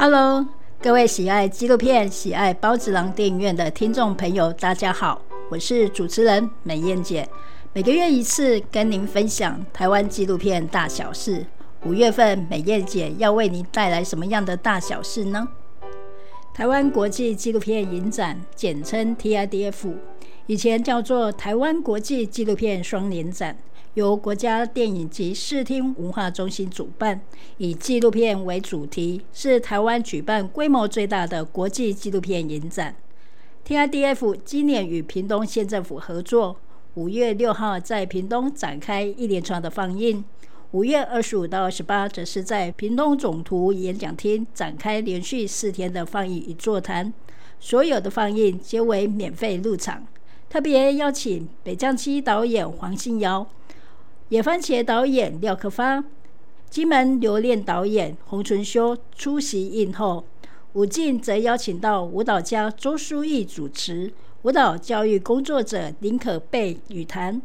Hello，各位喜愛紀錄片、喜愛孢子囊電影院的聽眾朋友，大家好，我是主持人美燕姐。每個月一次跟您分享台灣紀錄片大小事。五月份美燕姐要為您帶來什麼樣的大小事呢？台灣國際紀錄片影展，簡稱 TIDF，以前叫做台灣國際紀錄片雙年展。由國家電影及視聽文化中心主辦，以紀錄片為主題，是台灣舉辦規模最大的國際紀錄片影展。TIDF 今年與屏東縣政府合作，五月六號在屏東展開一連串的放映；五月二十五到二十八，則是在屏東總圖演講廳展開連續四天的放映與座談。所有的放映皆為免費入場，特別邀請北將七導演黃信堯。《野番茄》導演廖克發，《金門留念》導演洪淳修出席映後。舞徑則邀請到舞蹈家周書毅主持，舞蹈教育工作者林可貝、語談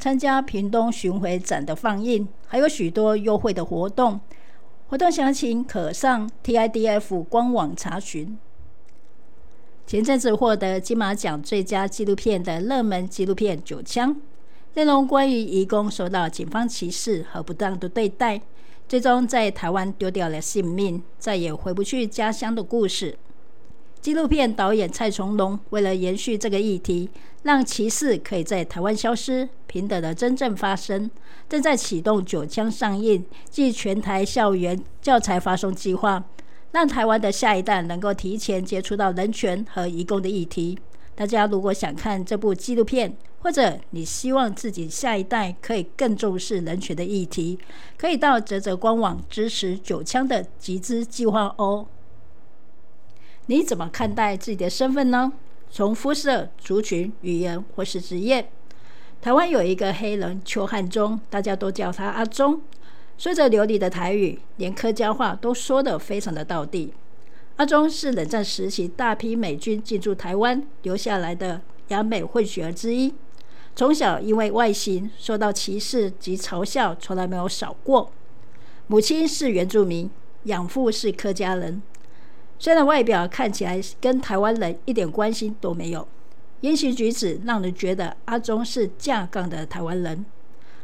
參加屏東巡迴展的放映，還有許多優惠的活動，活動詳情可上 TIDF 官網查詢。前陣子獲得金馬獎最佳紀錄片的熱門紀錄片九槍《九槍》。內容關於移工受到警方歧視和不當的對待，最終在台灣丟掉了性命，再也回不去家鄉的故事。紀錄片導演蔡崇隆為了延續這個議題，讓歧視可以在台灣消失，平等的真正發生，正在啟動九槍上映及全台校園教材發送計劃，讓台灣的下一代能夠提前接觸到人權和移工的議題。大家如果想看這部紀錄片。或者你希望自己下一代可以更重視人權的議題，可以到嘖嘖官網支持九槍的集資計劃哦。你怎麼看待自己的身份呢？從膚色、族群、語言或是職業？台灣有一個黑人邱漢中，大家都叫他阿中，說着流利的台語，連客家話都說得非常的道地。阿中是冷戰時期大批美軍進駐台灣留下來的亞美混血兒之一。從小因為外形受到歧視及嘲笑，從來沒有少過。母親是原住民，養父是客家人，雖然外表看起來跟台灣人一點關係都沒有，言行舉止讓人覺得阿中是正港的台灣人。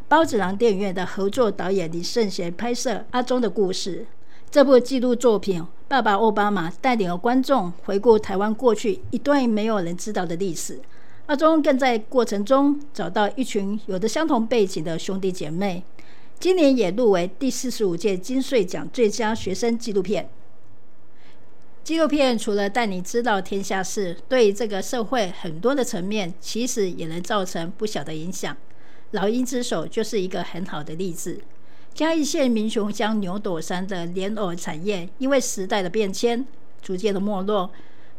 孢子囊電影院的合作導演李聖賢拍攝阿中的故事，這部紀錄作品《爸爸奧巴馬》帶領觀眾回顧台灣過去一段沒有人知道的歷史。阿中更在過程中找到一群有著相同背景的兄弟姐妹，今年也入圍第四十五屆金穗獎最佳學生紀錄片。紀錄片除了帶你知道天下事，對於這個社會很多的層面，其實也能造成不小的影響。老鷹之手就是一個很好的例子。嘉義縣民雄鄉牛斗山的蓮藕產業，因為時代的變遷，逐漸的沒落。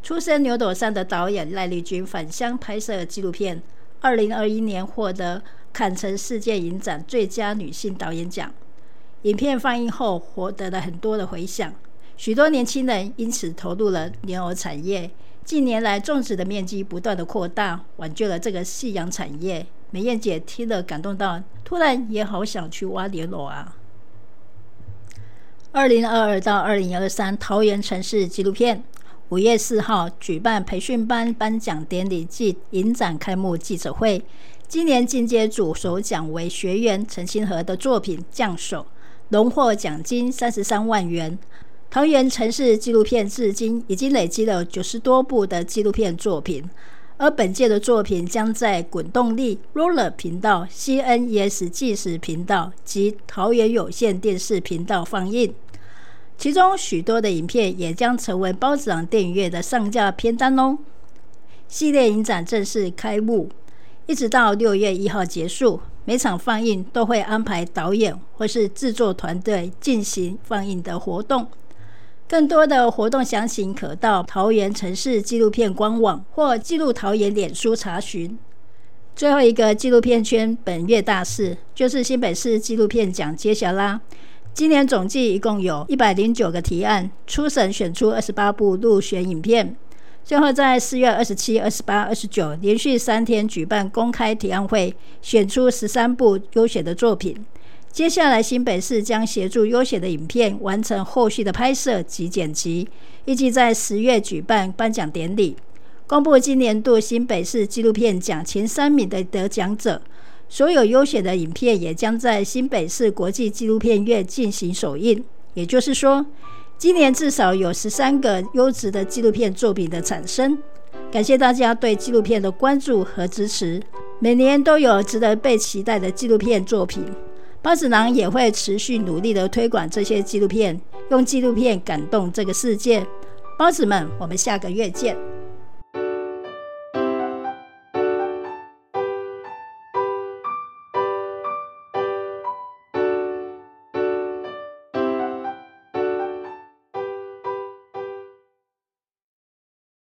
出生牛斗山的導演賴麗君返鄉拍攝紀錄片，二零二一年獲得坎城世界影展最佳女性導演獎。影片放映後獲得了很多的迴響，許多年輕人因此投入了蓮藕產業。近年來種植的面積不斷的擴大，挽救了這個夕陽產業。美燕姐聽了感動到，突然也好想去挖蓮藕啊！二零二二到二零二三桃園城市紀錄片。五月四號舉辦培訓班頒獎典禮暨影展開幕記者會。今年進階組首，首獎為學員陳清河的作品《匠手》，榮獲獎金三十三萬元。桃園城市紀錄片至今已經累積了九十多部的紀錄片作品，而本屆的作品將在滾動力 （Roller） 頻道、CNEX 紀實頻道及桃園有線電視頻道放映。其中許多的影片也將成為孢子囊電影院的上架片單哦。系列影展正式開幕，一直到六月一號結束，每場放映都會安排導演或是制作團隊進行放映的活動。更多的活動詳情可到桃園城市紀錄片官網或紀錄桃園臉書查詢。最後一個紀錄片圈本月大事就是新北市紀錄片獎揭曉啦。今年總計一共有一百零九個提案，初審選出二十八部入選影片，最後在四月二十七、二十八、二十九連續三天舉辦公開提案會，選出十三部優秀的作品。接下來新北市將協助優秀的影片完成後續的拍攝及剪輯，預計在十月舉辦頒獎典禮，公布今年度新北市紀錄片獎前三名的得獎者。所有優選的影片也將在新北市國際紀錄片院進行首映。也就是說，今年至少有十三個優質的紀錄片作品的產生。感謝大家對紀錄片的關注和支持。每年都有值得被期待的紀錄片作品。孢子囊也會持續努力的推廣這些紀錄片，用紀錄片感動這個世界。孢子們，我們下個月見。